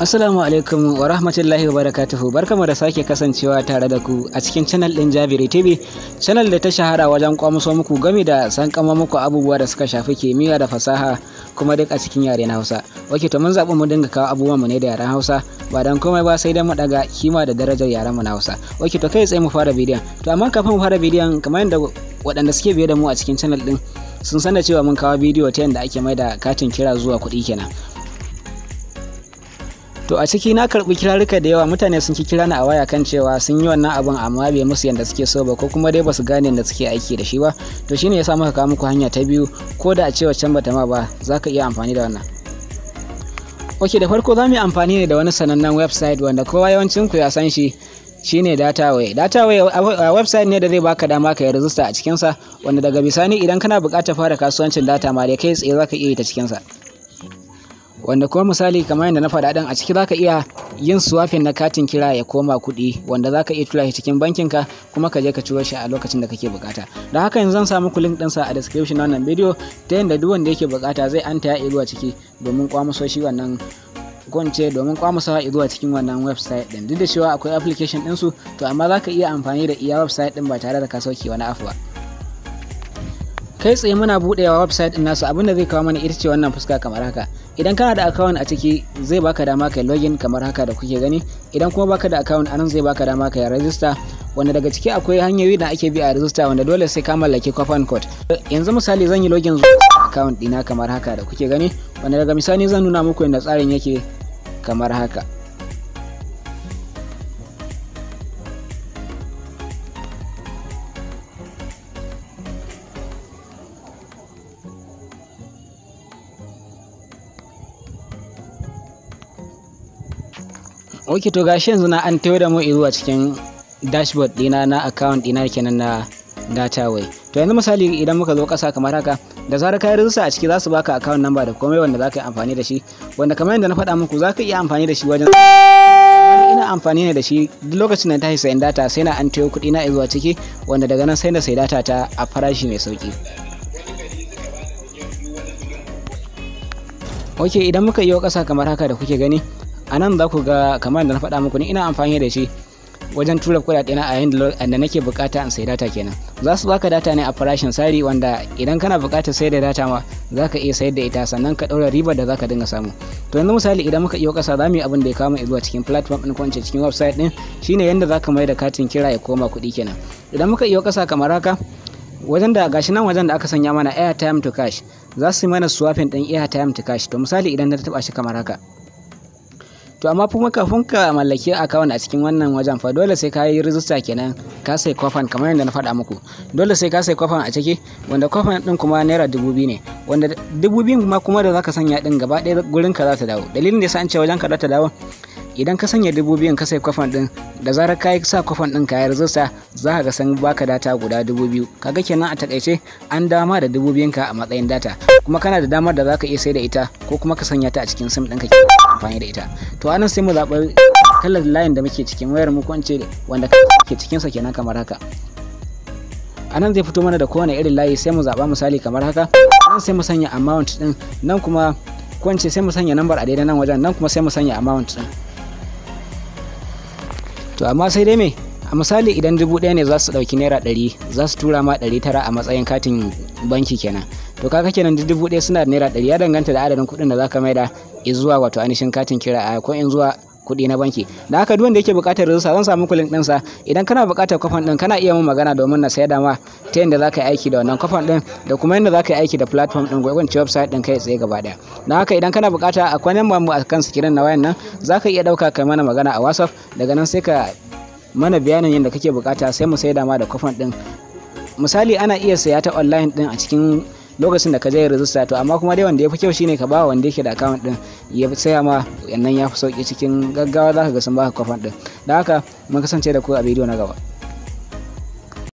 Assalamu alaikum wa rahmatullahi wa barakatuhu barkamu da sake kasancewa tare da ku a cikin channel din Jabiri TV channel da ta shahara wajen kwamuso muku game da kama muku abubuwa da suka shafi kimiyya da fasaha kuma duk a cikin yare na Hausa wake to mun zabi mu dinga kawo abubuwa mu ne da yaren Hausa ba dan komai ba sai dai mu daga kima da darajar yaren mu na Hausa wake to kai tsaye mu fara bidiyon to amma kafin mu fara bidiyon kamar yadda waɗanda suke biye da mu a cikin channel din sun sanar cewa mun kawo bidiyo ta yadda ake mai da katin kira zuwa kuɗi kenan to a ciki na karbi kirarruka da yawa mutane sun ki kira a waya kan cewa sun yi wannan abin amma bai musu yanda suke so ba ko kuma dai basu gane da suke aiki da shi ba to shine yasa muka kawo muku hanya ta biyu ko da a cewa can bata ma ba za ka iya amfani da wannan ok da farko za mu yi amfani ne da wani sanannen website wanda kowa yawancin ku ya san shi shine dataway dataway a website ne da zai baka dama ka yi rajista a cikinsa wanda daga bisani idan kana bukatar fara kasuwancin data ma da kai tsaye za ka iya yi ta cikinsa wanda kuma misali kamar yadda na faɗa ɗin a ciki zaka iya yin suwafin na katin kira ya koma kuɗi wanda zaka iya tura shi cikin bankin ka kuma ka je ka ciro shi a lokacin da kake bukata don haka yanzu zan samu ku link ɗinsa a description na wannan bidiyo ta yadda duk wanda yake bukata zai an taya zuwa ciki domin kwamuso shi wannan kwance domin kwamusawa zuwa cikin wannan website ɗin duk da cewa akwai application ɗinsu to amma zaka iya amfani da iya website ɗin ba tare da ka sauke wani app ba kai tsaye muna buɗewa website din nasu abinda zai kawo mana ita ce wannan fuska kamar haka idan kana da account a ciki zai baka dama kai login kamar haka da kuke gani idan kuma baka da account anan zai baka dama kai register wanda daga ciki akwai hanyoyi da ake bi a register wanda dole sai ka mallaki coupon code yanzu misali zan yi login zuwa account dina kamar haka da kuke gani wanda daga misali zan nuna muku yadda tsarin yake kamar haka ok to gashi yanzu na an tayo da mu zuwa cikin dashboard dina na account dina kenan na dataway to yanzu misali idan muka zo kasa kamar haka da zarar ka rusa a ciki za su baka account number da komai wanda za ka yi amfani da shi wanda kamar yadda na faɗa muku za ka iya amfani da shi wajen ina amfani ne da shi duk lokacin da ta yi sayan data sai na an tayo kuɗi na zuwa ciki wanda daga nan sai na sai data ta a farashi mai sauki ok idan muka yi wa ƙasa kamar haka da kuke gani a nan za ku ga kamar da na faɗa muku ne ina amfani da shi wajen tura kuɗaɗe na a yayin da nake bukata in sai data kenan za su baka data ne a farashin sari wanda idan kana bukatar sai da data ma za ka iya sayar da ita sannan ka ɗaura riba da za ka dinga samu to yanzu misali idan muka iyo ƙasa za mu yi abin da ya kama zuwa cikin platform ɗin ko cikin website ɗin shine yanda za ka mai da katin kira ya koma kuɗi kenan idan muka iyo ƙasa kamar haka wajen da gashi nan wajen da aka sanya mana airtime to cash za su yi mana swapping ɗin airtime to cash to misali idan na taɓa shi kamar haka to amma kuma kafin ka mallaki account a cikin wannan wajen fa dole sai ka yi register kenan ka sai kofan kamar yadda na faɗa muku dole sai ka sai kofan a ciki wanda kofan din kuma naira dubu biyu ne wanda dubu biyu kuma kuma da zaka sanya din gaba ɗaya gurin ka za ta dawo dalilin da yasa an ce wajen ka za ta dawo idan ka sanya dubu biyun ka sai kofan din da zarar ka yi sa kofan din ka yi rijista za ka ga san baka data guda dubu biyu kaga kenan a takaice an dama da dubu biyun ka a matsayin data kuma kana da damar da za ka iya sai da ita ko kuma ka sanya ta a cikin sim ɗinka kenan amfani da ita to anan sai mu zaɓi kalar layin da muke cikin wayar mu kwance wanda ke cikinsa kenan kamar haka anan zai fito mana da kowane irin layi sai mu zaɓa misali kamar haka nan sai mu sanya amount din nan kuma kwance sai mu sanya number a daidai nan wajen nan kuma sai mu sanya amount din to amma sai dai me a misali idan dubu ɗaya ne za su ɗauki naira ɗari za su tura ma ɗari tara a matsayin katin banki kenan to kaga kenan dubu ɗaya suna da naira ɗari ya danganta da adadin kuɗin da za ka maida zuwa wato ainihin katin kira ko in zuwa kuɗi na banki da haka duk wanda yake buƙatar rijista zan samu kulin ɗinsa idan kana buƙatar kwafan ɗin kana iya mun magana domin na sayar da ma ta yadda za ka yi aiki da wannan kwafan ɗin da kuma yadda za ka yi aiki da platform ɗin gwagwan ci website ɗin kai tsaye gaba ɗaya da haka idan kana buƙata akwai nan mu a kan sikirin na wayan nan za ka iya ɗauka kai mana magana a whatsapp daga nan sai ka mana bayanin yadda kake buƙata sai mu sayar da ma da kwafan ɗin misali ana iya saya ta online ɗin a cikin lokacin da ka je rijista to amma kuma dai wanda ya fi kyau shine ka ba wanda yake da account din ya saya ma nan ya fi sauki cikin gaggawa zaka ga sun baka kwafan din dan haka mun kasance da ku a bidiyo na gaba